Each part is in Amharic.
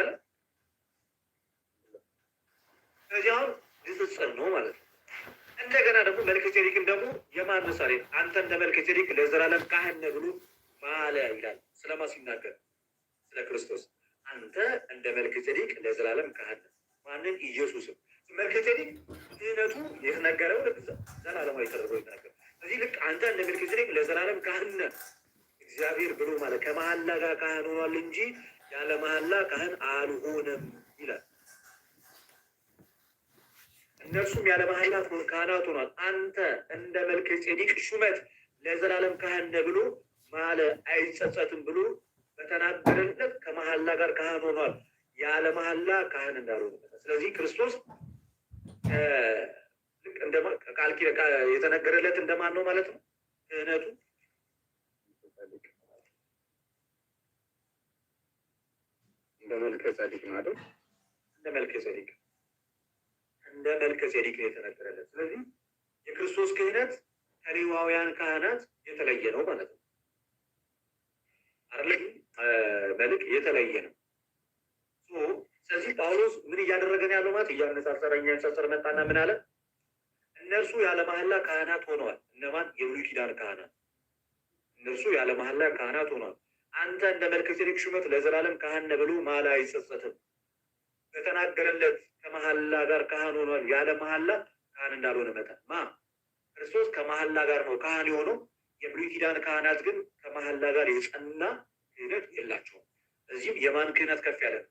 አይደለ? ነው ማለት ነው። እንደገና ደግሞ መልከጼዴቅን ደግሞ የማን ምሳሌ? አንተ እንደ መልከጼዴቅ ለዘላለም ካህን ነህ ብሎ ማለ ይላል። ስለማ ሲናገር ስለ ክርስቶስ አንተ እንደ መልከጼዴቅ ለዘላለም ካህን ነህ። ማንን? ኢየሱስም መልከጼዴቅ ድህነቱ የተነገረው እዚህ ልክ አንተ እንደ መልከጼዴቅ ለዘላለም ካህን ነህ እግዚአብሔር ብሎ ማለት ጋር ካህን ሆኗል እንጂ ያለ መሐላ ካህን አልሆነም ይላል። እነርሱም ያለ ካህናት ሆኗል። አንተ እንደ መልከ ጼዴቅ ሹመት ለዘላለም ካህን ነህ ብሎ ማለ አይጸጸትም ብሎ በተናገረለት ከመሐላ ጋር ካህን ሆኗል። ያለ መሐላ ካህን እንዳልሆነ ስለዚህ ክርስቶስ ቃል የተነገረለት እንደማን ነው ማለት ነው ክህነቱ በመልከ ጸዲቅ ነው አይደል? እንደ መልከ ጸዲቅ እንደ መልከ ጸዲቅ ነው የተነገረለት። ስለዚህ የክርስቶስ ክህነት ከሌዋውያን ካህናት የተለየ ነው ማለት ነው አይደለም? መልክ የተለየ ነው። ስለዚህ ጳውሎስ ምን ነው ያለው ማለት እያነጻጸረ እያነጻጸረ መጣና ምን አለ? እነርሱ ያለ መሐላ ካህናት ሆነዋል። እነማን? የብሉይ ኪዳን ካህናት። እነርሱ ያለ መሐላ ካህናት ሆነዋል። አንተ እንደ መልከጼዴቅ ሹመት ለዘላለም ካህን ነህ ብሎ መሐላ አይጸጸትም። ከተናገረለት ከመሐላ ጋር ካህን ሆኗል። ያለ መሐላ ካህን እንዳልሆነ መጠን ማ ክርስቶስ ከመሐላ ጋር ነው ካህን የሆነው። የብሉይ ኪዳን ካህናት ግን ከመሐላ ጋር የጸና ክህነት የላቸውም። እዚህም የማን ክህነት ከፍ ያለ ነው?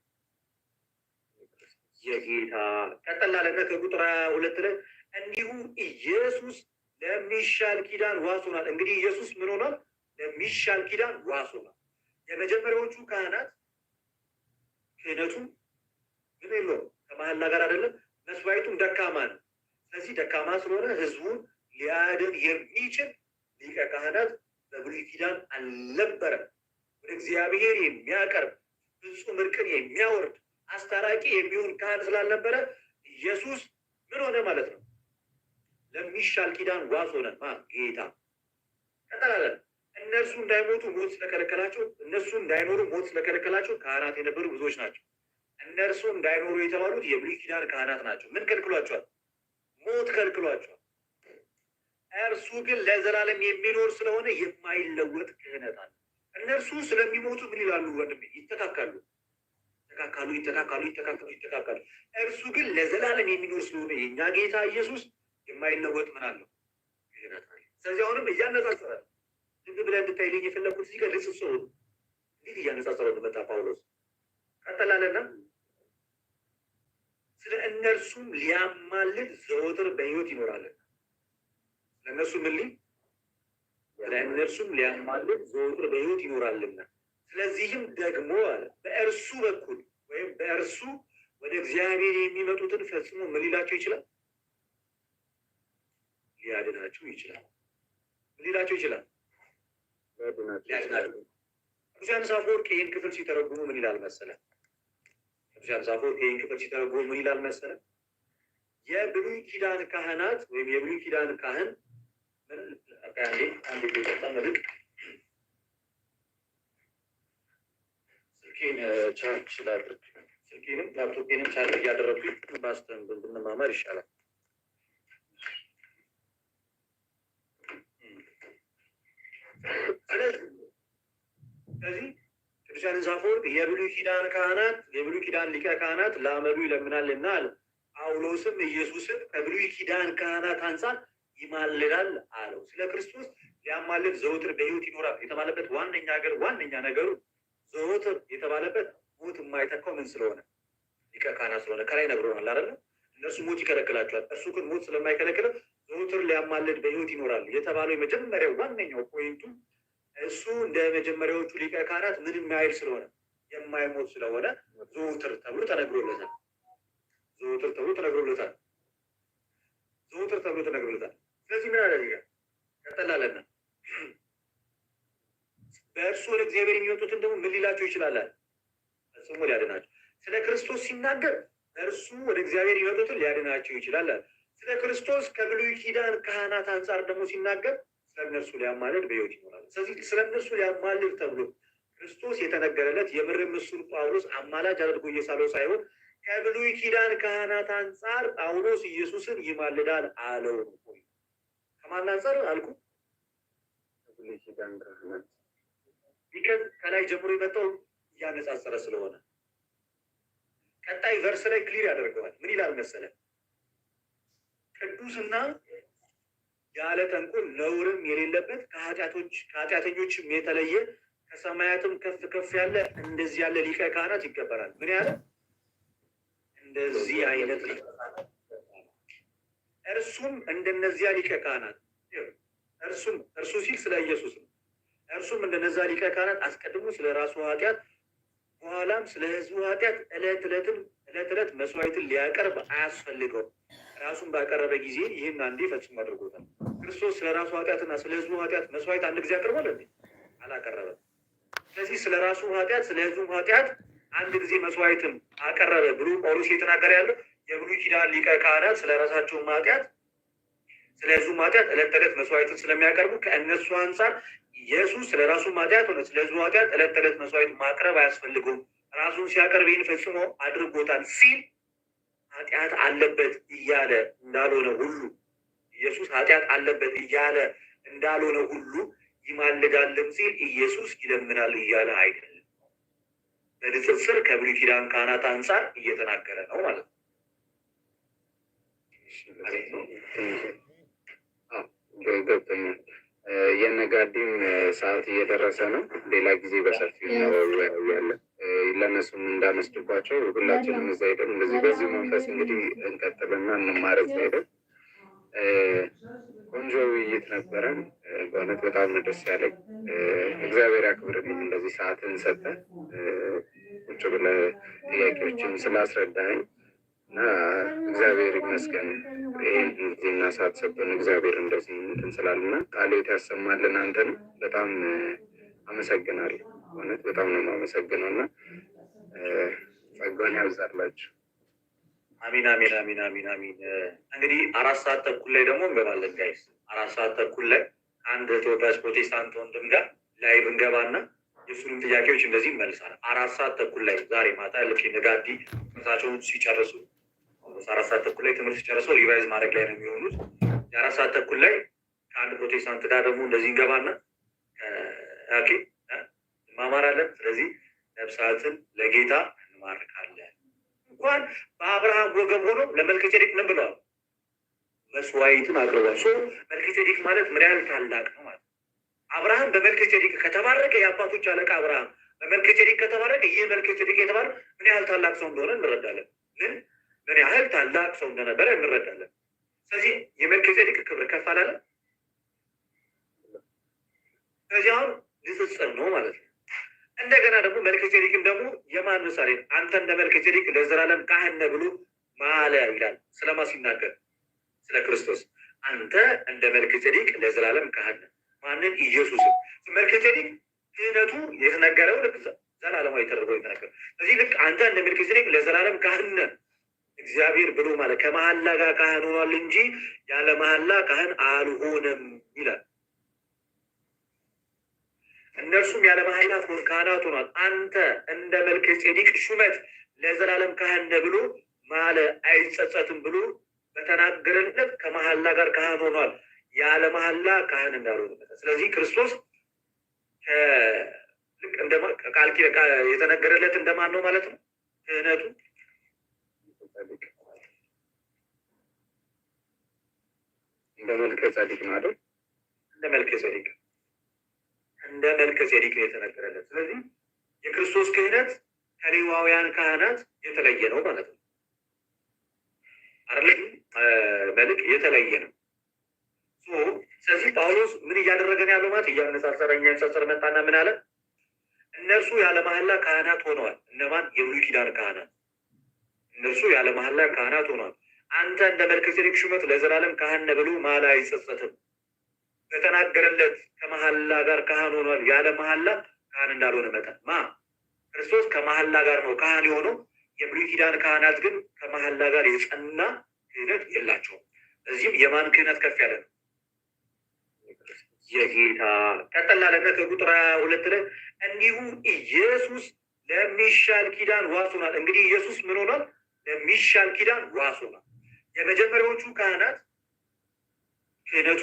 የጌታ ቀጠላለነ ከቁጥር ሁለት ላይ እንዲሁ ኢየሱስ ለሚሻል ኪዳን ዋስ ሆኗል። እንግዲህ ኢየሱስ ምን ሆኗል? ለሚሻል ኪዳን ዋስ ሆኗል። የመጀመሪያዎቹ ካህናት ክህነቱ ምን የለውም ከመሀል ነገር አይደለም። መስዋዕቱም ደካማ ነው። ስለዚህ ደካማ ስለሆነ ህዝቡን ሊያድን የሚችል ሊቀ ካህናት በብሉይ ኪዳን አልነበረም። ወደ እግዚአብሔር የሚያቀርብ ፍጹም እርቅን የሚያወርድ አስታራቂ የሚሆን ካህን ስላልነበረ ኢየሱስ ምን ሆነ ማለት ነው? ለሚሻል ኪዳን ዋስ ሆነ ጌታ ቀጠላለን እነርሱ እንዳይሞቱ ሞት ስለከለከላቸው እነሱ እንዳይኖሩ ሞት ስለከለከላቸው ካህናት የነበሩ ብዙዎች ናቸው። እነርሱ እንዳይኖሩ የተባሉት የብሉይ ኪዳን ካህናት ናቸው። ምን ከልክሏቸዋል? ሞት ከልክሏቸዋል። እርሱ ግን ለዘላለም የሚኖር ስለሆነ የማይለወጥ ክህነት አለ። እነርሱ ስለሚሞቱ ምን ይላሉ? ወንድሜ ይተካካሉ፣ ይተካካሉ፣ ይተካካሉ፣ ይተካካሉ፣ ይተካካሉ። እርሱ ግን ለዘላለም የሚኖር ስለሆነ የእኛ ጌታ ኢየሱስ የማይለወጥ ምን አለው? ክህነት አለ። ስለዚህ አሁንም እያነጻጸረ ዝም ብለህ እንድታይልኝ የፈለግኩት እዚህ ቀድስ እሱ ነው። እንዴት እያነጻጸረው ጳውሎስ ቀጠላለና ስለ እነርሱም ሊያማልድ ዘወትር በህይወት ይኖራለን። ስለ እነርሱ ምን ሊል ስለ እነርሱም ሊያማልድ ዘወትር በህይወት ይኖራልና ስለዚህም ደግሞ አለ በእርሱ በኩል ወይም በእርሱ ወደ እግዚአብሔር የሚመጡትን ፈጽሞ ምን ሊላቸው ይችላል? ሊያድናቸው ይችላል። ምን ሊላቸው ይችላል? ያድናል። ቅዱስ ይህን ክፍል ሲተረጉሙ ምን ይላል መሰለ? ይህን ክፍል ሲተረጉሙ ምን ይላል መሰለ? የብሉይ ኪዳን ካህናት ወይም የብሉይ ኪዳን ካህን ቻርጅ ስልኬንም ላፕቶፔንም ቻርጅ እያደረግኩኝ ባስተን ብንማማር ይሻላል። ስለዚህ ቅዱስ ዮሐንስ የብሉይ ኪዳን ካህናት የብሉይ ኪዳን ሊቀ ካህናት ለአመዱ ይለምናልና አለ። ጳውሎስም ኢየሱስም ከብሉይ ኪዳን ካህናት አንጻር ይማልዳል አለው። ስለ ክርስቶስ ሊያማልድ ዘወትር በሕይወት ይኖራል የተባለበት ዋነኛ ሀገር ዋነኛ ነገሩ ዘወትር የተባለበት ሞት የማይተካው ምን ስለሆነ ሊቀ ካህናት ስለሆነ ከላይ ነግሮናል አይደለ? እነሱ ሞት ይከለክላቸዋል። እሱ ግን ሞት ስለማይከለክለው ዘውትር ሊያማልድ በህይወት ይኖራል የተባለው የመጀመሪያው ዋነኛው ፖይንቱ እሱ እንደ መጀመሪያዎቹ ሊቀ ካህናት ምን የማይል ስለሆነ የማይሞት ስለሆነ ዘውትር ተብሎ ተነግሮለታል። ዘውትር ተብሎ ተነግሮለታል። ዘውትር ተብሎ ተነግሮለታል። ስለዚህ ምን አደረገ? ቀጠላለና በእርሱ ወደ እግዚአብሔር የሚወጡትን ደግሞ ምን ሊላቸው ይችላል? ፈጽሞ ሊያድናቸው ስለ ክርስቶስ ሲናገር እርሱ ወደ እግዚአብሔር የሚወጡትን ሊያድናቸው ይችላል። ስለ ክርስቶስ ከብሉይ ኪዳን ካህናት አንጻር ደግሞ ሲናገር ስለ እነርሱ ሊያማልድ በሕይወት ይኖራል። ስለዚህ ስለ እነርሱ ሊያማልድ ተብሎ ክርስቶስ የተነገረለት የምር ምስሉ ጳውሎስ አማላጅ አድርጎ እየሳለው ሳይሆን ከብሉይ ኪዳን ካህናት አንጻር ጳውሎስ ኢየሱስን ይማልዳል አለው። ከማን አንጻር አልኩ? ከብሉይ ኪዳን ካህናት ከላይ ጀምሮ የመጣው እያነጻጸረ ስለሆነ ቀጣይ ቨርስ ላይ ክሊር ያደርገዋል። ምን ይላል መሰለህ? ቅዱስና ያለ ተንኮል ነውርም የሌለበት ከኃጢአተኞችም የተለየ ከሰማያትም ከፍ ከፍ ያለ እንደዚህ ያለ ሊቀ ካህናት ይገበራል። ምን ያለ እንደዚህ አይነት ሊቀ ካህናት እርሱም እንደነዚያ ሊቀ ካህናት እርሱም እርሱ ሲል ስለ ኢየሱስ ነው። እርሱም እንደነዛ ሊቀ ካህናት አስቀድሞ ስለ ራሱ ኃጢአት በኋላም ስለ ሕዝቡ ኃጢአት ዕለት ዕለትም ዕለት ዕለት መስዋዕትን ሊያቀርብ አያስፈልገውም። ራሱን ባቀረበ ጊዜ ይህን አንዴ ፈጽሞ አድርጎታል። ክርስቶስ ስለ ራሱ ኃጢአትና ስለ ህዝቡ ኃጢአት መስዋዕት አንድ ጊዜ አቅርቧል እንዴ? አላቀረበም። ስለዚህ ስለ ራሱ ኃጢአት ስለ ህዝቡ ኃጢአት አንድ ጊዜ መስዋዕትን አቀረበ ብሎ ጳውሎስ እየተናገረ ያለው የብሉይ ኪዳን ሊቀ ካህናት ስለ ራሳቸው ኃጢአት ስለ ህዝቡ ኃጢአት ዕለት ተዕለት መስዋዕትን ስለሚያቀርቡ ከእነሱ አንጻር ኢየሱስ ስለ ራሱ ኃጢአት ሆነ ስለ ህዝቡ ኃጢአት ዕለት ተዕለት መስዋዕት ማቅረብ አያስፈልገውም ራሱን ሲያቀርብ ይህን ፈጽሞ አድርጎታል ሲል ኃጢአት አለበት እያለ እንዳልሆነ ሁሉ ኢየሱስ ኃጢአት አለበት እያለ እንዳልሆነ ሁሉ ይማልዳለም ሲል ኢየሱስ ይለምናል እያለ አይደለም። በንጽጽር ከብሉይ ኪዳን ካህናት አንጻር እየተናገረ ነው ማለት ነው። የነጋዴም ሰዓት እየደረሰ ነው። ሌላ ጊዜ በሰፊ ያለን ለእነሱም እንዳነስድባቸው ሁላችንም እዛ ሄደን እንደዚህ በዚህ መንፈስ እንግዲህ እንቀጥልና እንማረዝ ሄደን ቆንጆ ውይይት ነበረን። በእውነት በጣም ነው ደስ ያለኝ። እግዚአብሔር ያክብርልኝ እንደዚህ ሰዓትን ሰጠ ቁጭ ብለ ጥያቄዎችን ስላስረዳኝ እና እግዚአብሔር ይመስገን። የሚያሳስብን እግዚአብሔር እንደዚህ እንስላልና ቃሌት ያሰማልን። አንተን በጣም አመሰግናለሁ። እውነት በጣም ነው የማመሰግነው እና ጸጋን ያብዛላችሁ። አሚን አሚን አሚን አሚን አሚን። እንግዲህ አራት ሰዓት ተኩል ላይ ደግሞ እንገባለን ጋይስ። አራት ሰዓት ተኩል ላይ አንድ ተወዳጅ ፕሮቴስታንት ወንድም ጋር ላይቭ እንገባና የሱንም ጥያቄዎች እንደዚህ ይመልሳል። አራት ሰዓት ተኩል ላይ ዛሬ ማታ ልክ ነጋዲ ምሳቸውን ሲጨርሱ አራት ሰዓት ተኩል ላይ ትምህርት ጨርሰው ሪቫይዝ ማድረግ ላይ ነው የሚሆኑት። የአራት ሰዓት ተኩል ላይ ከአንድ ፕሮቴስታንት ጋር ደግሞ እንደዚህ እንገባና ኦኬ እንማማራለን። ስለዚህ ነብሳትን ለጌታ እንማርካለን። እንኳን በአብርሃም ወገብ ሆኖ ለመልከጼዴቅ ምን ብለዋል? መስዋዕትን አቅርቧል። ሶ መልከጼዴቅ ማለት ምን ያህል ታላቅ ነው ማለት አብርሃም በመልከጼዴቅ ከተባረቀ የአባቶች አለቃ አብርሃም በመልከጼዴቅ ከተባረቀ ይህ መልከጼዴቅ የተባለ ምን ያህል ታላቅ ሰው እንደሆነ እንረዳለን። ምን ምን ያህል ታላቅ ሰው እንደነበረ እንረዳለን። ስለዚህ የመልከጼዴቅ ክብር ከፍ አላለ። ስለዚህ አሁን ንጽጽር ነው ማለት ነው። እንደገና ደግሞ መልከጼዴቅን ደግሞ የማን ምሳሌ? አንተ እንደ መልከጼዴቅ ለዘላለም ካህን ነህ ብሎ ማለ ይላል። ስለማ ሲናገር ስለ ክርስቶስ አንተ እንደ መልከጼዴቅ ለዘላለም ካህን ነህ። ማንን? ኢየሱስን። መልከጼዴቅ ክህነቱ የተነገረው ልክ ዘላለማዊ ተደርጎ የተነገረው። ስለዚህ ልክ አንተ እንደ መልከጼዴቅ ለዘላለም ካህን ነህ እግዚአብሔር ብሎ ማለት ከመሐላ ጋር ካህን ሆኗል እንጂ ያለ መሐላ ካህን አልሆነም ይላል። እነርሱም ያለ መሐላ ካህናት ሆኗል። አንተ እንደ መልከ ጼዴቅ ሹመት ለዘላለም ካህን ነህ ብሎ ማለ አይጸጸትም ብሎ በተናገረለት ከመሐላ ጋር ካህን ሆኗል። ያለ መሐላ ካህን እንዳልሆነ ስለዚህ ክርስቶስ ቃል የተነገረለት እንደማን ነው ማለት ነው ክህነቱን እንደ መልከ ጸዲቅ እንደ መልከ እንደ መልከ ነው የተነገረለት። ስለዚህ የክርስቶስ ክህነት ከሌዋውያን ካህናት የተለየ ነው ማለት ነው። አይደለም መልክ የተለየ ነው። ስለዚህ ጳውሎስ ምን እያደረገ ነው ያለው? ማለት እያነጻጸረ እያነጻጸረ መጣና ምን አለ? እነርሱ ያለ ማህላ ካህናት ሆነዋል። እነማን? የብሉይ ኪዳን ካህናት እነርሱ ያለ መሐላ ካህናት ሆኗል። አንተ እንደ መልከጼዴቅ ሹመት ለዘላለም ካህን ነህ ብሎ መሐላ አይጸጸትም። ከተናገረለት ከመሐላ ጋር ካህን ሆኗል። ያለ መሐላ ካህን እንዳልሆነ መጠን ማ ክርስቶስ ከመሐላ ጋር ነው ካህን የሆነው። የብሉይ ኪዳን ካህናት ግን ከመሐላ ጋር የጸና ክህነት የላቸውም። እዚህም የማን ክህነት ከፍ ያለ ነው? የጌታ ቀጠላለነ ከቁጥር ሁለት ላይ እንዲሁ ኢየሱስ ለሚሻል ኪዳን ዋስ ሆኗል። እንግዲህ ኢየሱስ ምን ሆኗል? ለሚሻል ኪዳን ራሱ ነው። የመጀመሪያዎቹ ካህናት ክህነቱ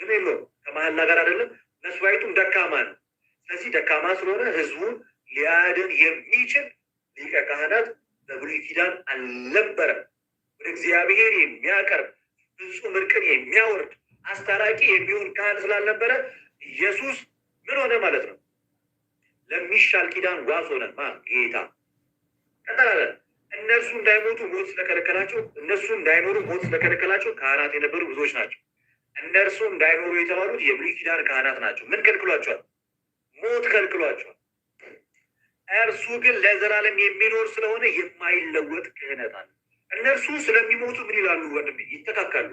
ምን የለው ከመሀል ነገር አይደለም። መስዋዕቱም ደካማ ነው። ስለዚህ ደካማ ስለሆነ ህዝቡን ሊያድን የሚችል ሊቀ ካህናት በብሉይ ኪዳን አልነበረም። ወደ እግዚአብሔር የሚያቀርብ ፍጹም እርቅን የሚያወርድ አስታራቂ የሚሆን ካህን ስላልነበረ ኢየሱስ ምን ሆነ ማለት ነው? ለሚሻል ኪዳን ዋስ ሆነ ማ ጌታ ቀጠላለን እነርሱ እንዳይሞቱ ሞት ስለከለከላቸው እነሱ እንዳይኖሩ ሞት ስለከለከላቸው ካህናት የነበሩ ብዙዎች ናቸው። እነርሱ እንዳይኖሩ የተባሉት የብሉይ ኪዳን ካህናት ናቸው። ምን ከልክሏቸዋል? ሞት ከልክሏቸዋል። እርሱ ግን ለዘላለም የሚኖር ስለሆነ የማይለወጥ ክህነት አለ። እነርሱ ስለሚሞቱ ምን ይላሉ? ወንድሜ ይተካካሉ፣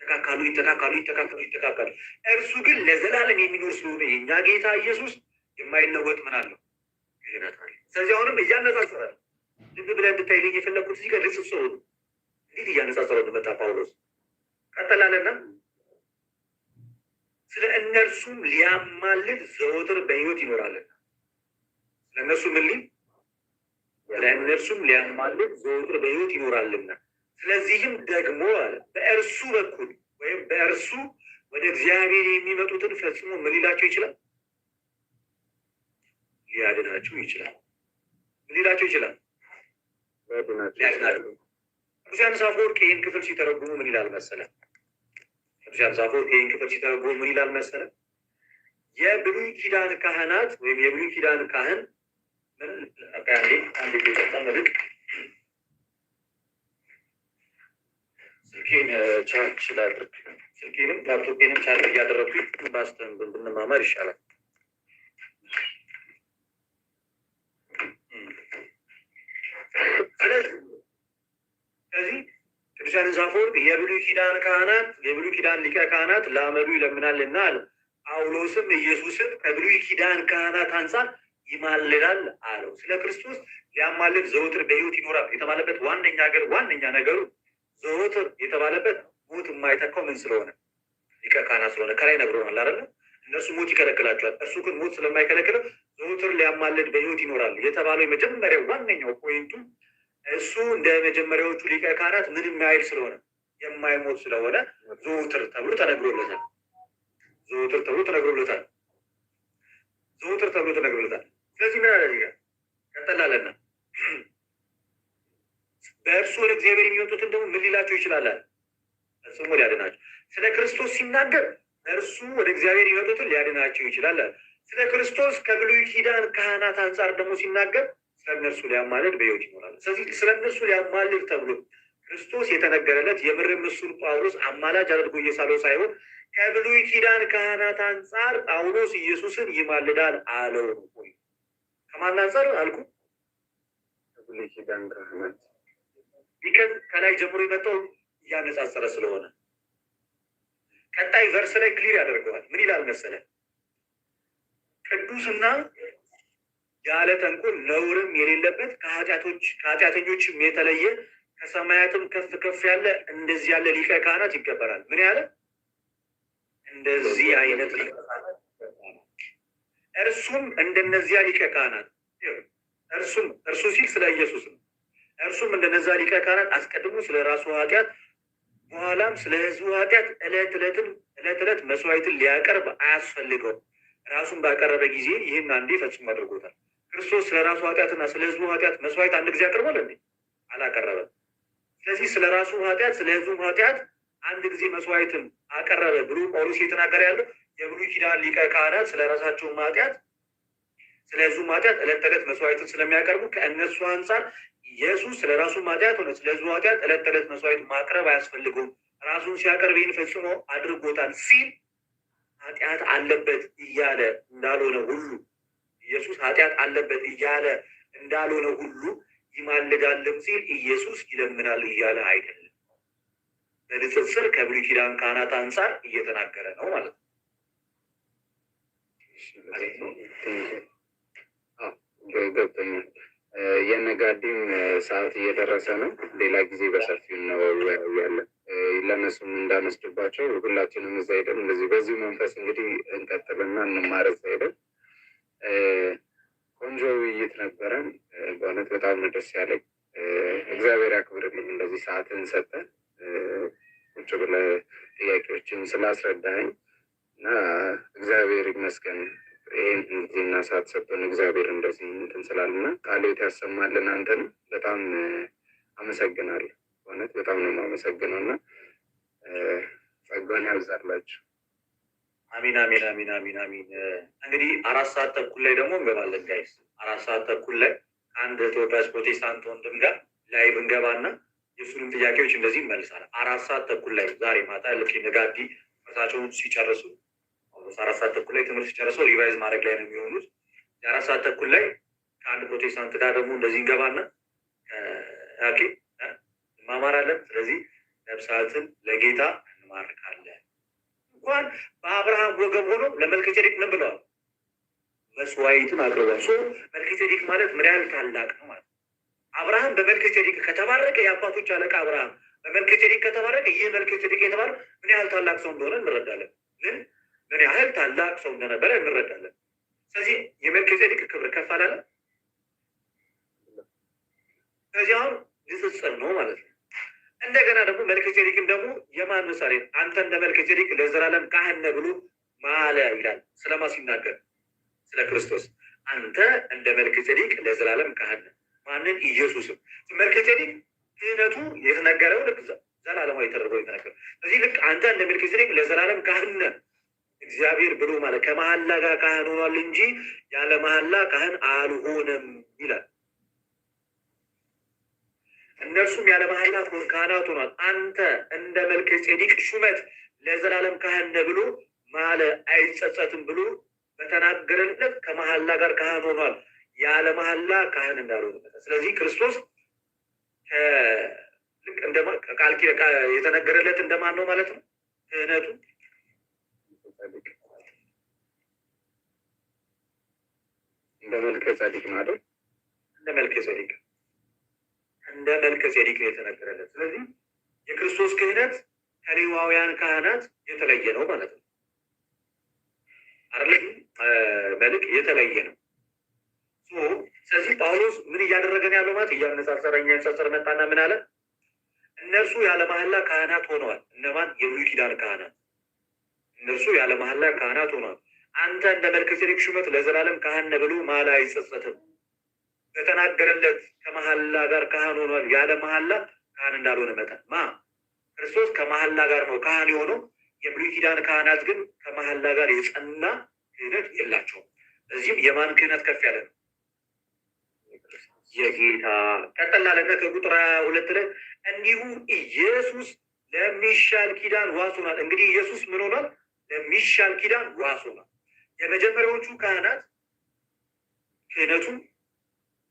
ይተካካሉ፣ ይተካካሉ፣ ይተካካሉ፣ ይተካካሉ። እርሱ ግን ለዘላለም የሚኖር ስለሆነ የእኛ ጌታ ኢየሱስ የማይለወጥ ምን አለው? ክህነት አለ። ስለዚህ አሁንም እያነጻጸረ ነው ልብ ብለህ እንድታይልኝ የፈለኩት እዚህ ጋር ልጽፍ ሰው እንዴት እያነጻጸረ መጣ ጳውሎስ ቀጠላለና ስለ እነርሱም ሊያማልድ ዘወትር በሕይወት ይኖራልና ስለ እነርሱ ምን ሊል ስለ እነርሱም ሊያማልድ ዘወትር በሕይወት ይኖራልና ስለዚህም ደግሞ አለ በእርሱ በኩል ወይም በእርሱ ወደ እግዚአብሔር የሚመጡትን ፈጽሞ ምን ሊላቸው ይችላል? ሊያድናቸው ይችላል። ምን ሊላቸው ይችላል? ያድናሉ። ቅዱስ ዮሐንስ አፈወርቅ ይህን ክፍል ሲተረጉሙ ምን ይላል መሰለ? ቅዱስ አፈወርቅ ይህን ክፍል ሲተረጉሙ ምን ይላል መሰለ? የብሉይ ኪዳን ካህናት ወይም የብሉይ ኪዳን ካህን ስልኬን ቻርጅ ላድርግ። ስልኬንም ላፕቶፔንም ቻርጅ እያደረግኩኝ ባስተን ብንማማር ይሻላል። አይደለም። ስለዚህ ቅዱሳን ዛፎወርቅ የብሉይ ኪዳን ካህናት የብሉይ ኪዳን ሊቀ ካህናት ለአመዱ ይለምናልና አለ። ጳውሎስም ኢየሱስም ከብሉይ ኪዳን ካህናት አንጻር ይማልላል አለው። ስለ ክርስቶስ ሊያማልል ዘውትር በህይወት ይኖራል የተባለበት ዋነኛ ነገር ዋነኛ ነገሩ ዘውትር የተባለበት ሞት የማይተካው ምን ስለሆነ ሊቀ ካህናት ስለሆነ ከላይ ነግሮናል አይደለም። እነሱ ሞት ይከለክላቸዋል። እሱ ግን ሞት ስለማይከለክለው ዘውትር ሊያማልድ በህይወት ይኖራል የተባለው የመጀመሪያው ዋነኛው ፖይንቱ እሱ እንደ መጀመሪያዎቹ ሊቀ ካህናት ምንም ያይል ስለሆነ የማይሞት ስለሆነ ዘውትር ተብሎ ተነግሮለታል። ዘውትር ተብሎ ተነግሮለታል። ዘውትር ተብሎ ተነግሮለታል። ስለዚህ ምን አደረገ? ቀጠላለና በእርሱ ወደ እግዚአብሔር የሚወጡትን ደግሞ ምን ሊላቸው ይችላላል? ፈጽሞ ሊያድናቸው ስለ ክርስቶስ ሲናገር እርሱ ወደ እግዚአብሔር ይመጡትን ሊያድናቸው ይችላል። ስለ ክርስቶስ ከብሉይ ኪዳን ካህናት አንጻር ደግሞ ሲናገር ስለ እነርሱ ሊያማልድ በሕይወት ይኖራል። ስለዚህ ስለ እነርሱ ሊያማልድ ተብሎ ክርስቶስ የተነገረለት የምር ምስሉ ጳውሎስ አማላጅ አድርጎ እየሳለው ሳይሆን ከብሉይ ኪዳን ካህናት አንጻር ጳውሎስ ኢየሱስን ይማልዳል አለው ነው። ከማን አንጻር አልኩ? ከብሉይ ኪዳን ካህናት ከላይ ጀምሮ የመጣው እያነጻጸረ ስለሆነ ቀጣይ ቨርስ ላይ ክሊር ያደርገዋል። ምን ይላል መሰለ ቅዱስና ያለ ተንኮል ነውርም የሌለበት ከኃጢአቶች ከኃጢአተኞችም የተለየ ከሰማያትም ከፍ ከፍ ያለ እንደዚህ ያለ ሊቀ ካህናት ይገበራል። ምን ያለ እንደዚህ አይነት ሊቀ ካህናት እርሱም እንደነዚያ ሊቀ ካህናት እርሱም እርሱ ሲል ስለ ኢየሱስ ነው። እርሱም እንደነዛ ሊቀ ካህናት አስቀድሞ ስለ ራሱ ኃጢአት በኋላም ስለ ህዝቡ ኃጢአት ዕለት ዕለትም ዕለት ዕለት መስዋዕትን ሊያቀርብ አያስፈልገው። ራሱን ባቀረበ ጊዜ ይህን አንዴ ፈጽሞ አድርጎታል። ክርስቶስ ስለ ራሱ ኃጢአትና ስለ ህዝቡ ኃጢአት መስዋዕት አንድ ጊዜ አቅርቧል እንዴ? አላቀረበም። ስለዚህ ስለ ራሱ ኃጢአት ስለ ህዝቡ ኃጢአት አንድ ጊዜ መስዋዕትን አቀረበ ብሎ ጳውሎስ የተናገረ ያለው የብሉይ ኪዳን ሊቀ ካህናት ስለ ራሳቸው ኃጢአት ስለ ህዝቡ ኃጢአት ዕለት ተዕለት መስዋዕትን ስለሚያቀርቡ ከእነሱ አንጻር ኢየሱስ ለራሱ ማጥያት ሆነ ስለዙ ኃጢአት ዕለት ተዕለት መስዋዕት ማቅረብ አያስፈልገውም፣ ራሱን ሲያቀርብ ይህን ፈጽሞ አድርጎታል ሲል ኃጢአት አለበት እያለ እንዳልሆነ ሁሉ ኢየሱስ ኃጢአት አለበት እያለ እንዳልሆነ ሁሉ ይማልዳልም ሲል ኢየሱስ ይለምናል እያለ አይደለም። በንጽጽር ከብሉይ ኪዳን ካህናት አንጻር እየተናገረ ነው ማለት ነው። ገብቶኛል። የነጋዴም ሰዓት እየደረሰ ነው። ሌላ ጊዜ በሰፊው እናወያያለን። ለእነሱም እንዳነስድባቸው ሁላችንም እዛ ሄደን እንደዚህ በዚህ መንፈስ እንግዲህ እንቀጥልና እንማር እዛ ሄደን ቆንጆ ውይይት ነበረን። በእውነት በጣም ደስ ያለኝ እግዚአብሔር ያክብርልኝ። እንደዚህ ሰዓትን ሰጠን ቁጭ ብለ ጥያቄዎችን ስላስረዳኝ እና እግዚአብሔር ይመስገን። ይህን ጊዜና ሰዓት ሰጠን እግዚአብሔር እንደዚህ እንትን ስላልና ቃሌት ያሰማልን አንተን በጣም አመሰግናለሁ። እውነት በጣም ነው የማመሰግነው እና ጸጋን ያብዛላችሁ። አሚን አሚን አሚን አሚን አሚን። እንግዲህ አራት ሰዓት ተኩል ላይ ደግሞ እንገባለን ጋይስ። አራት ሰዓት ተኩል ላይ ከአንድ ተወዳጅ ፕሮቴስታንት ወንድም ጋር ላይቭ እንገባና የእሱንም ጥያቄዎች እንደዚህ ይመልሳል። አራት ሰዓት ተኩል ላይ ዛሬ ማታ ልክ ነጋዲ መርታቸውን ሲጨርሱ አራት ሰዓት ተኩል ላይ ትምህርት ጨርሰው ሪቫይዝ ማድረግ ላይ ነው የሚሆኑት። የአራት ሰዓት ተኩል ላይ ከአንድ ፕሮቴስታንት ጋር ደግሞ እንደዚህ እንገባና ኦኬ እንማማራለን። ስለዚህ ነብሳትን ለጌታ እንማርካለን። እንኳን በአብርሃም ወገብ ሆኖ ለመልከጼዴቅ ምን ብለዋል? መስዋዕትን አቅርቧል። ሶ መልከጼዴቅ ማለት ምን ያህል ታላቅ ነው ማለት አብርሃም በመልከጼዴቅ ከተባረቀ የአባቶች አለቃ አብርሃም በመልከጼዴቅ ከተባረቀ ይህ መልከጼዴቅ የተባለ ምን ያህል ታላቅ ሰው እንደሆነ እንረዳለን። ግን ምን ያህል ታላቅ ሰው እንደነበረ እንረዳለን። ስለዚህ የመልከጼዴቅ ክብር ከፍ አላለ። ስለዚህ አሁን ንጽጽር ነው ማለት ነው። እንደገና ደግሞ መልከጼዴቅም ደግሞ የማን ምሳሌ? አንተ እንደ መልከጼዴቅ ለዘላለም ካህን ነህ ብሎ ማለ ይላል። ስለማ ሲናገር ስለ ክርስቶስ አንተ እንደ መልከጼዴቅ ለዘላለም ካህን ነህ። ማንን? ኢየሱስም መልከጼዴቅ ክህነቱ የተነገረው ልክ ዘላለማዊ ተደርጎ የተነገረው። ስለዚህ ልክ አንተ እንደ መልከጼዴቅ ለዘላለም ካህን ነህ እግዚአብሔር ብሎ ማለት ከመሐላ ጋር ካህን ሆኗል እንጂ ያለ መሐላ ካህን አልሆነም ይላል። እነርሱም ያለ መሐላ ካህናት ሆኗል። አንተ እንደ መልከ ጼዴቅ ሹመት ለዘላለም ካህን ነህ ብሎ ማለ አይጸጸትም ብሎ በተናገረለት ከመሐላ ጋር ካህን ሆኗል። ያለ መሐላ ካህን እንዳልሆነ ስለዚህ ክርስቶስ ቃል የተነገረለት እንደማን ነው ማለት ነው ክህነቱ እንደ መልከ ጸዲቅ አይደል? እንደ መልከ ጸዲቅ እንደ መልከ ጸዲቅ ነው የተነገረለት። ስለዚህ የክርስቶስ ክህነት ከሌዋውያን ካህናት የተለየ ነው ማለት ነው። አይደለም መልክ የተለየ ነው። ስለዚህ ጳውሎስ ምን እያደረገን ያለው ማለት እያነጻጸረ እያነጻጸረ መጣና ምን አለ? እነርሱ ያለ መሐላ ካህናት ሆነዋል። እነማን? የብሉይ ኪዳን ካህናት። እነርሱ ያለ መሐላ ካህናት ሆነዋል። አንተ እንደ ሹመት ለዘላለም ካህን ነህ ብሎ መሐላ አይጸጸትም። በተናገረለት ከመሐላ ጋር ካህን ሆኗል። ያለ መሐላ ካህን እንዳልሆነ መጠን ማ ክርስቶስ ከመሐላ ጋር ነው ካህን የሆነው። የብሉይ ኪዳን ካህናት ግን ከመሐላ ጋር የጸና ክህነት የላቸውም። እዚህም የማን ክህነት ከፍ ያለ ነው? የጌታ ቀጠላለነ ከቁጥር ሁለት ላይ እንዲሁ ኢየሱስ ለሚሻል ኪዳን ዋስ ሆኗል። እንግዲህ ኢየሱስ ምን ሆኗል? ለሚሻል ኪዳን ዋስ ሆኗል። የመጀመሪያዎቹ ካህናት ክህነቱ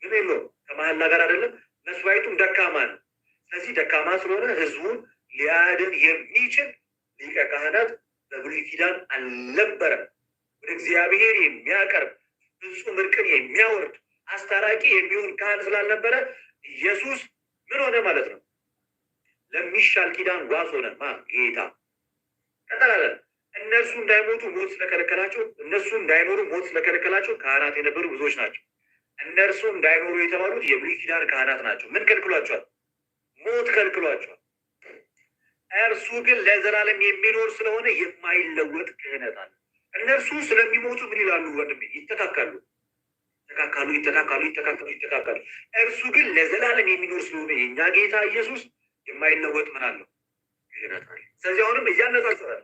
ግን የለው ከመሐላ ጋር አይደለም። መስዋዕቱም ደካማ ነው። ስለዚህ ደካማ ስለሆነ ህዝቡን ሊያድን የሚችል ሊቀ ካህናት በብሉይ ኪዳን አልነበረም። ወደ እግዚአብሔር የሚያቀርብ ፍጹም እርቅን የሚያወርድ አስታራቂ የሚሆን ካህን ስላልነበረ ኢየሱስ ምን ሆነ ማለት ነው? ለሚሻል ኪዳን ዋስ ሆነ ማ ጌታ ቀጠላለን እነርሱ እንዳይሞቱ ሞት ስለከለከላቸው እነሱ እንዳይኖሩ ሞት ስለከለከላቸው ካህናት የነበሩ ብዙዎች ናቸው። እነርሱ እንዳይኖሩ የተባሉት የብሉይ ኪዳን ካህናት ናቸው። ምን ከልክሏቸዋል? ሞት ከልክሏቸዋል። እርሱ ግን ለዘላለም የሚኖር ስለሆነ የማይለወጥ ክህነት አለ። እነርሱ ስለሚሞቱ ምን ይላሉ? ወንድሜ ይተካካሉ፣ ይተካካሉ፣ ይተካካሉ፣ ይተካካሉ፣ ይተካካሉ። እርሱ ግን ለዘላለም የሚኖር ስለሆነ የእኛ ጌታ ኢየሱስ የማይለወጥ ምን አለው? ክህነት አለ። ስለዚህ አሁንም እያነጻጸራል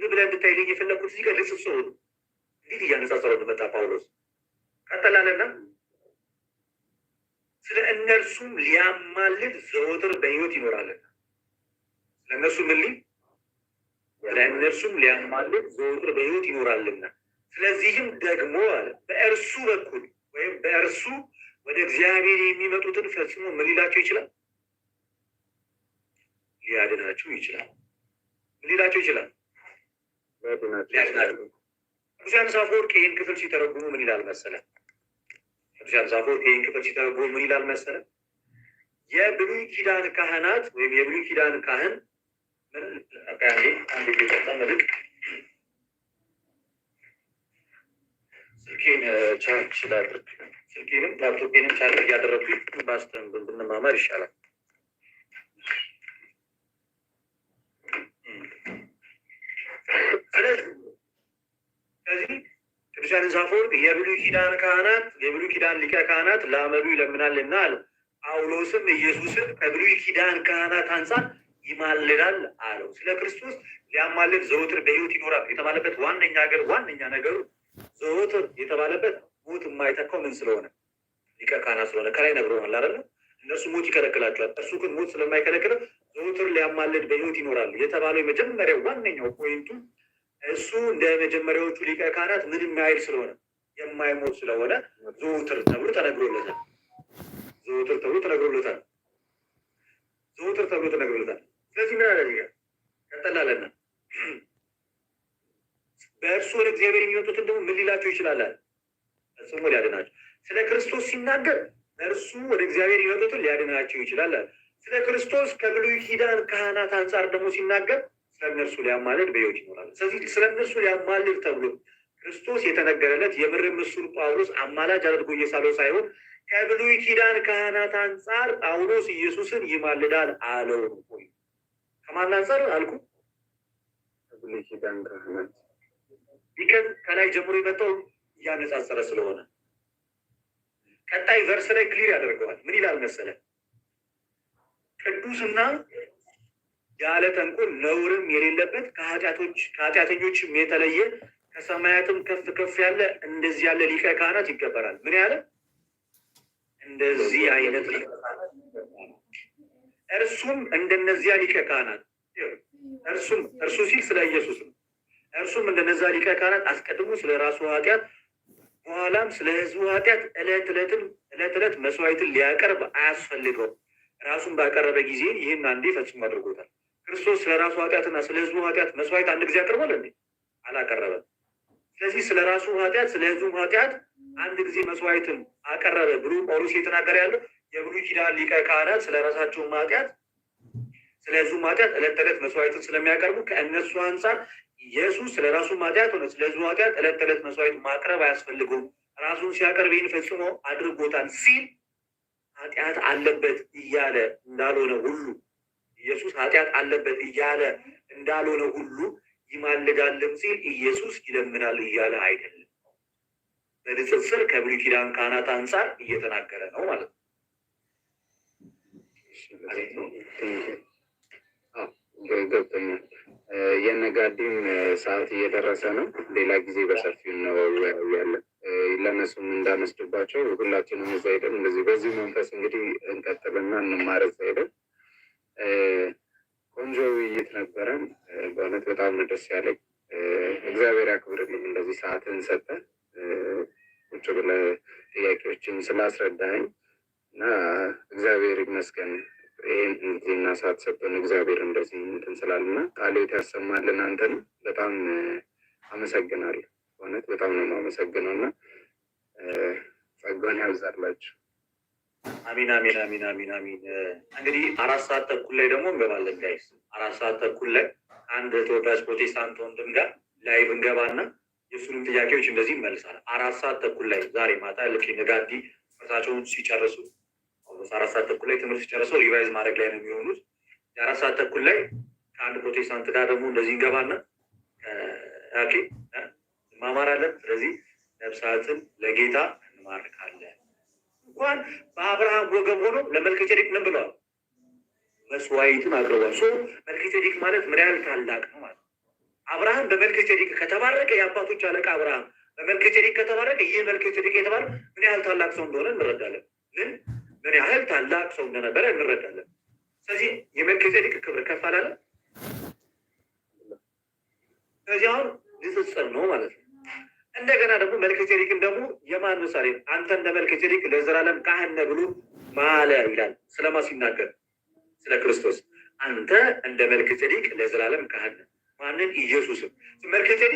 ዝም ብለህ እንድታይልኝ የፈለኩት እዚህ ጋር ልጽፍ ሆኑ እንዴት እያነጻጸረ እንደመጣ ጳውሎስ ቀጠላለና ስለ እነርሱም ሊያማልድ ዘወትር በህይወት ይኖራልና ስለ እነርሱ ምን ስለ እነርሱም ሊያማልድ ዘወትር በህይወት ይኖራልና ስለዚህም ደግሞ አለ በእርሱ በኩል ወይም በእርሱ ወደ እግዚአብሔር የሚመጡትን ፈጽሞ ምን ሊላቸው ይችላል? ሊያድናቸው ይችላል። ምን ሊላቸው ይችላል? ያድናሉ። ቅዱስ ዮሐንስ አፈወርቅ ይህን ክፍል ሲተረጉሙ ምን ይላል መሰለ? ቅዱስ አፈወርቅ ይህን ክፍል ሲተረጉሙ ምን ይላል መሰለ? የብሉይ ኪዳን ካህናት ወይም የብሉይ ኪዳን ካህን ስልኬን ቻርጅ ስላደርግ ስልኬንም ላፕቶፔንም ቻርጅ እያደረግኩ ባስተን ብንማማር ይሻላል። ፍለጥ ብሎ ስለዚህ ቅዱስ ዮሐንስ አፈወርቅ የብሉይ ኪዳን ካህናት የብሉይ ኪዳን ሊቀ ካህናት ለአመሉ ይለምናልና አለ። ጳውሎስም ኢየሱስን ከብሉይ ኪዳን ካህናት አንጻር ይማልዳል አለው። ስለ ክርስቶስ ሊያማልድ ዘወትር በሕይወት ይኖራል የተባለበት ዋነኛ ሀገር ዋነኛ ነገሩ ዘወትር የተባለበት ሞት የማይተካው ምን ስለሆነ ሊቀ ካህናት ስለሆነ ከላይ ነግሮናል አይደለ? እነሱ ሞት ይከለክላቸዋል። እርሱ ግን ሞት ስለማይከለክል ዘወትር ሊያማልድ በሕይወት ይኖራል የተባለው የመጀመሪያው ዋነኛው ፖይንቱ እሱ እንደ መጀመሪያዎቹ ሊቀ ካህናት ምንም አይል ስለሆነ የማይሞት ስለሆነ ዘውትር ተብሎ ተነግሮለታል። ዘውትር ተብሎ ተነግሮለታል። ዘውትር ተብሎ ተነግሮለታል። ስለዚህ ምን አለ ቀጠላለና በእርሱ ወደ እግዚአብሔር የሚወጡትን ደግሞ ምን ሊላቸው ይችላላል? ፈጽሞ ሊያድናቸው ስለ ክርስቶስ ሲናገር በእርሱ ወደ እግዚአብሔር የሚወጡትን ሊያድናቸው ይችላል። ስለ ክርስቶስ ከብሉይ ኪዳን ካህናት አንጻር ደግሞ ሲናገር ስለ እነርሱ ሊያማልድ በሕይወት ይኖራል። ስለዚህ ስለ እነርሱ ሊያማልድ ተብሎ ክርስቶስ የተነገረለት የምርም እሱን ጳውሎስ አማላጅ አድርጎ እየሳለው ሳይሆን ከብሉይ ኪዳን ካህናት አንጻር ጳውሎስ ኢየሱስን ይማልዳል አለው። ከማን አንጻር አልኩ? ከብሉይ ኪዳን ካህናት ቢከዝ ከላይ ጀምሮ የመጣው እያነጻጸረ ስለሆነ ቀጣይ ቨርስ ላይ ክሊር ያደርገዋል። ምን ይላል መሰለ ቅዱስና ያለ ተንኮል ነውርም የሌለበት ከኃጢአተኞችም የተለየ ከሰማያትም ከፍ ከፍ ያለ እንደዚህ ያለ ሊቀ ካህናት ይገበራል። ምን ያለ እንደዚህ አይነት ሊቀ ካህናት እርሱም እንደነዚያ ሊቀ ካህናት እርሱም እርሱ ሲል ስለ ኢየሱስ ነው። እርሱም እንደነዛ ሊቀ ካህናት አስቀድሞ ስለ ራሱ ኃጢአት በኋላም ስለ ሕዝቡ ኃጢአት ዕለት ዕለትን ዕለት ዕለት መስዋዕትን ሊያቀርብ አያስፈልገው። ራሱን ባቀረበ ጊዜ ይህን አንዴ ፈጽሞ አድርጎታል። ክርስቶስ ስለ ራሱ ኃጢአትና ስለ ህዝቡ ኃጢአት መስዋዕት አንድ ጊዜ አቅርቧል እንዴ? አላቀረበም። ስለዚህ ስለ ራሱ ኃጢአት ስለ ህዝቡም ኃጢአት አንድ ጊዜ መስዋዕትን አቀረበ ብሎ ጳውሎስ የተናገረ ያለው የብሉይ ኪዳን ሊቀ ካህናት ስለ ራሳቸውን ኃጢአት ስለ ህዝቡም ኃጢአት ዕለት ተዕለት መስዋዕትን ስለሚያቀርቡ ከእነሱ አንጻር ኢየሱስ ስለ ራሱ ኃጢአት ሆነ ስለ ህዝቡ ኃጢአት ዕለት ተዕለት መስዋዕት ማቅረብ አያስፈልገውም፣ ራሱን ሲያቀርብ ይህን ፈጽሞ አድርጎታል ሲል ኃጢአት አለበት እያለ እንዳልሆነ ሁሉ ኢየሱስ ኃጢአት አለበት እያለ እንዳልሆነ ሁሉ ይማልዳልም ሲል ኢየሱስ ይለምናል እያለ አይደለም። በንጽጽር ከብሉይ ኪዳን ካህናት አንጻር እየተናገረ ነው ማለት ነው። ገብቶኛል። የነጋዴም ሰዓት እየደረሰ ነው። ሌላ ጊዜ በሰፊው ነው ያለን። እንዳነስድባቸው ሁላችንም እዛ ሄደን እንደዚህ በዚህ መንፈስ እንግዲህ እንቀጥልና እንማረዝ እዛ ሄደን ቆንጆ ውይይት ነበረን። በእውነት በጣም ነው ደስ ያለኝ። እግዚአብሔር ያክብርልኝ። እንደዚህ ሰዓትን ሰጠን ቁጭ ብለ ጥያቄዎችን ስላስረዳኝ እና እግዚአብሔር ይመስገን። ይህን ጊዜና ሰዓት ሰጠን እግዚአብሔር እንደዚህ እንትን ስላልና ቃሌት ያሰማልን። አንተን በጣም አመሰግናለሁ። በእውነት በጣም ነው የማመሰግነው እና ጸጋን ያብዛላችሁ። አሚን አሚን አሚን አሚን አሚን። እንግዲህ አራት ሰዓት ተኩል ላይ ደግሞ እንገባለን ጋይስ። አራት ሰዓት ተኩል ላይ አንድ ተወዳጅ ፕሮቴስታንት ወንድም ጋር ላይቭ እንገባና የእሱንም ጥያቄዎች እንደዚህ ይመልሳል። አራት ሰዓት ተኩል ላይ ዛሬ ማታ ልክ ነጋዲ ትምህርታቸውን ሲጨርሱ አራት ሰዓት ተኩል ላይ ትምህርት ሲጨርሰው ሪቫይዝ ማድረግ ላይ ነው የሚሆኑት። የአራት ሰዓት ተኩል ላይ ከአንድ ፕሮቴስታንት ጋር ደግሞ እንደዚህ እንገባና ማማራለን። ስለዚህ ነብሳትን ለጌታ እንማርካለን። እንኳን በአብርሃም ወገብ ሆኖ ለመልከጼዴቅ ምን ብለዋል? መስዋዕትን አቅርቧል። ሶ መልከጼዴቅ ማለት ምን ያህል ታላቅ ነው ማለት አብርሃም በመልከጼዴቅ ከተባረቀ፣ የአባቶች አለቃ አብርሃም በመልከጼዴቅ ከተባረቀ፣ ይህ መልከጼዴቅ የተባለ ምን ያህል ታላቅ ሰው እንደሆነ እንረዳለን። ምን ምን ያህል ታላቅ ሰው እንደነበረ እንረዳለን። ስለዚህ የመልከጼዴቅ ክብር ከፍ አላለ። ስለዚህ አሁን ንጽጽር ነው ማለት ነው። እንደገና ደግሞ መልከጼዴቅን ደግሞ የማን ምሳሌ አንተ እንደ መልከጼዴቅ ለዘላለም ካህን ነህ ብሎ ማለ ይላል። ስለማ ሲናገር ስለ ክርስቶስ አንተ እንደ መልከጼዴቅ ለዘላለም ካህን ነህ። ማንን? ኢየሱስም መልከጼዴቅ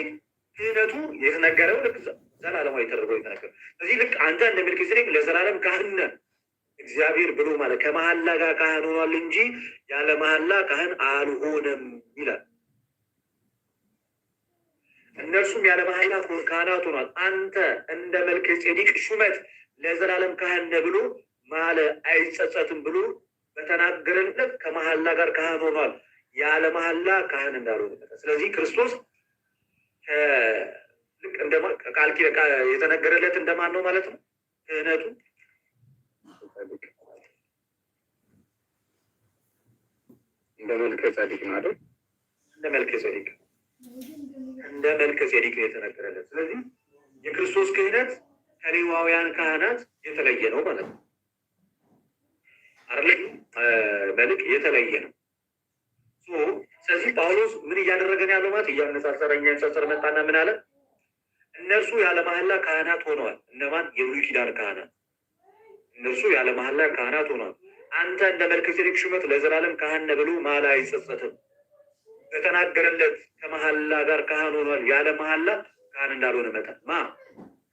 ክህነቱ የተነገረው ልክ ዘላለማ ተደርጎ የተነገረ ስለዚህ ልክ አንተ እንደ መልከጼዴቅ ለዘላለም ካህን ነህ እግዚአብሔር ብሎ ማለት ከመሐላ ጋር ካህን ሆኗል እንጂ ያለ መሐላ ካህን አልሆነም ይላል። እነርሱም ያለ ባህላት ካህናት ሆኗል። አንተ እንደ መልከ ጼዴቅ ሹመት ለዘላለም ካህን ነህ ብሎ ማለ አይጸጸትም ብሎ በተናገረለት ከመሐላ ጋር ካህን ሆኗል። ያለ መሐላ ካህን እንዳሉ ስለዚህ ክርስቶስ ቃል የተነገረለት እንደማን ነው ማለት ነው። ክህነቱ እንደ መልከ ጸዲቅ ማለት እንደ መልከ ጸዲቅ እንደ መልከ ጼዴቅ የተነገረለት። ስለዚህ የክርስቶስ ክህነት ከሌዋውያን ካህናት የተለየ ነው ማለት ነው። አይደለም መልክ የተለየ ነው። ስለዚህ ጳውሎስ ምን እያደረገን ያለው ማለት እያነጻጸረ እያነጻጸረ መጣና ምን አለ? እነርሱ ያለ መሐላ ካህናት ሆነዋል። እነማን? የብሉይ ኪዳን ካህናት። እነርሱ ያለ መሐላ ካህናት ሆነዋል። አንተ እንደ መልከ ጼዴቅ ሹመት ለዘላለም ካህን ነህ ብሎ ማላ አይጸጸትም በተናገረለት ከመሐላ ጋር ካህን ሆኗል ያለ መሐላ ካህን እንዳልሆነ መጠን ማ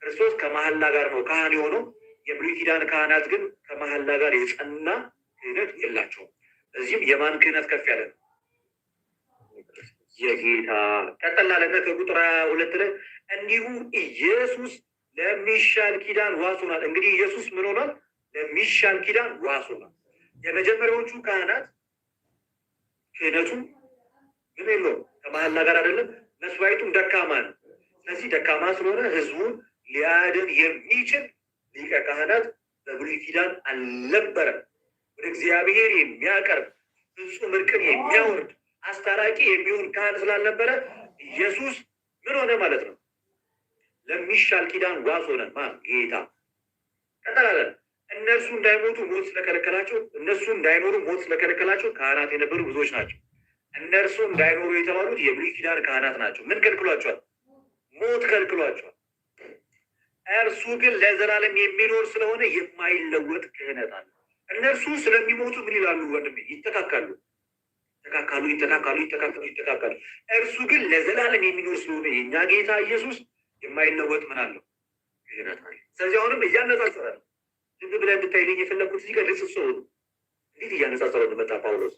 ክርስቶስ ከመሐላ ጋር ነው ካህን የሆነው። የብሉይ ኪዳን ካህናት ግን ከመሐላ ጋር የጸና ክህነት የላቸውም። እዚህም የማን ክህነት ከፍ ያለ ነው? የጌታ ቀጠላለነ ከቁጥር ሁለት ላይ እንዲሁ ኢየሱስ ለሚሻል ኪዳን ዋስ ሆኗል። እንግዲህ ኢየሱስ ምን ሆኗል? ለሚሻል ኪዳን ዋስ ሆኗል። የመጀመሪያዎቹ ካህናት ክህነቱ ምን የለውም ከመሀል ጋር አይደለም። መስዋዕቱም ደካማ ነው። ስለዚህ ደካማ ስለሆነ ህዝቡን ሊያድን የሚችል ሊቀ ካህናት በብሉይ ኪዳን አልነበረም። ወደ እግዚአብሔር የሚያቀርብ ፍጹም እርቅን የሚያወርድ አስታራቂ የሚሆን ካህን ስላልነበረ ኢየሱስ ምን ሆነ ማለት ነው? ለሚሻል ኪዳን ዋስ ሆነ። ማ ጌታ ቀጠላለን። እነሱ እንዳይሞቱ ሞት ስለከለከላቸው እነሱ እንዳይኖሩ ሞት ስለከለከላቸው ካህናት የነበሩ ብዙዎች ናቸው። እነርሱ እንዳይኖሩ የተባሉት የብሉይ ኪዳን ካህናት ናቸው። ምን ከልክሏቸዋል? ሞት ከልክሏቸዋል። እርሱ ግን ለዘላለም የሚኖር ስለሆነ የማይለወጥ ክህነት አለ። እነርሱ ስለሚሞቱ ምን ይላሉ? ወንድሜ ይተካካሉ፣ ይተካካሉ፣ ይተካካሉ፣ ይተካካሉ፣ ይተካካሉ። እርሱ ግን ለዘላለም የሚኖር ስለሆነ የእኛ ጌታ ኢየሱስ የማይለወጥ ምን አለው? ክህነት አለ። ስለዚህ አሁንም እያነጻጸረ ነው። ዝም ብለህ እንድታይልኝ የፈለግኩት እዚህ ጋር እንዴት እያነጻጸረ መጣ ጳውሎስ